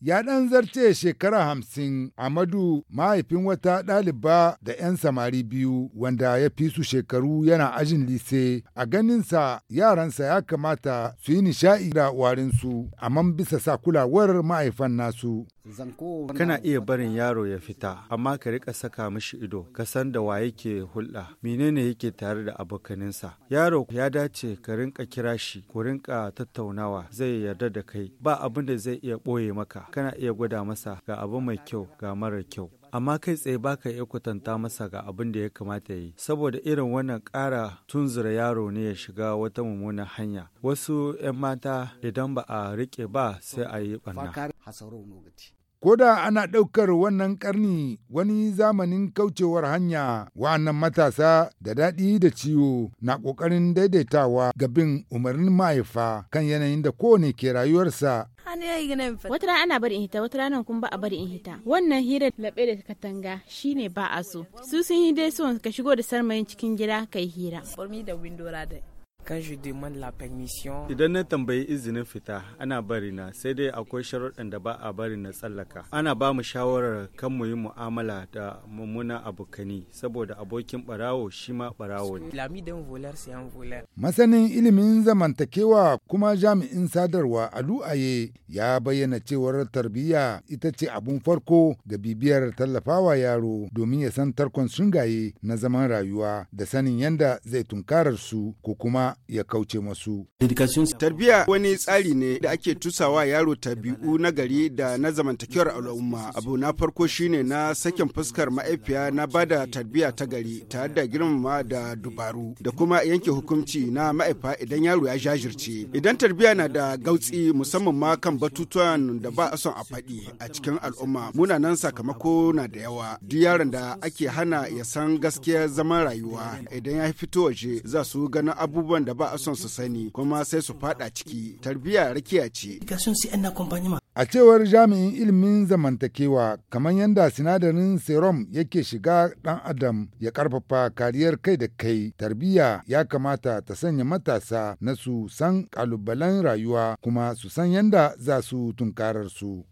ya ɗan zarce shekara hamsin Amadu mahaifin wata ɗaliba da 'yan samari biyu wanda ya fi su shekaru yana ajin lise a ganinsa yaransa ya kamata su yi nishaɗi da warinsu amma bisa sa kulawar mahaifan nasu. Kana iya barin yaro ya fita amma ka rika saka mashi ido ka san da wa yake hulɗa menene yake tare da abokaninsa yaro ya dace ka rinka kira shi ku rinka tattaunawa zai yarda da kai ba abin da zai iya ɓoye maka kana iya gwada masa ga abu mai kyau ga mara kyau amma kai tsaye baka iya kwatanta masa ga abin da ya kamata ya yi saboda irin wannan ƙara tunzura yaro ne ya shiga wata mummunan hanya wasu 'yan mata idan ba a rike ba sai a yi ɓanna Ko da ana ɗaukar wannan ƙarni wani zamanin kaucewar hanya wa'annan matasa da daɗi da ciwo na ƙoƙarin daidaitawa ga bin umarnin mahaifa kan yanayin da kowane ke rayuwarsa ne yi gina fata. Wata rana ana bari in hita, wata rana kuma ba a bari in hita. Wannan hirar laɓe da katanga shi ne ba a so. Su sun yi dai son ka shigo da sarmayin cikin gida kai hira. Burmi da windora da. kan shi demande la permission idan na tambayi izinin fita ana bari na sai dai akwai sharuɗan da ba a bari na tsallaka ana ba mu shawarar kan mu yi mu'amala da mummuna abokani saboda abokin barawo shi ma barawo ne lami dan volar sai an volar masanin ilimin zamantakewa kuma jami'in sadarwa alu'aye ya bayyana cewar tarbiyya ita ce abun farko ga bibiyar tallafawa yaro domin ya san tarkon shingaye na zaman rayuwa da sanin yadda zai tunkarar su ko kuma ya kauce masu. Tarbiyya wani tsari ne da ake tusawa yaro tabi'u na gari da na zamantakewar al'umma. Abu na farko shine na sakin fuskar ma'aifiya na bada tarbiyya ta gari tare da girmama da dubaru da kuma yanke hukunci na ma'aifa idan yaro ya jajirce. Idan tarbiyya na da gautsi musamman ma kan batutuwan da ba a son a faɗi a cikin al'umma muna nan sakamako na da yawa. Duk yaron da ake hana ya san gaskiya zaman rayuwa idan ya fito waje za su ganin abubuwan da ba a son su sani kuma sai su fada ciki tarbiyya rakiya ce a cewar jami'in ilimin zamantakewa kamar yadda sinadarin serum yake shiga dan adam ya karfafa kariyar kai da kai tarbiyya ya kamata ta sanya matasa na su san kalubalen rayuwa kuma su san yadda za su tunkarar su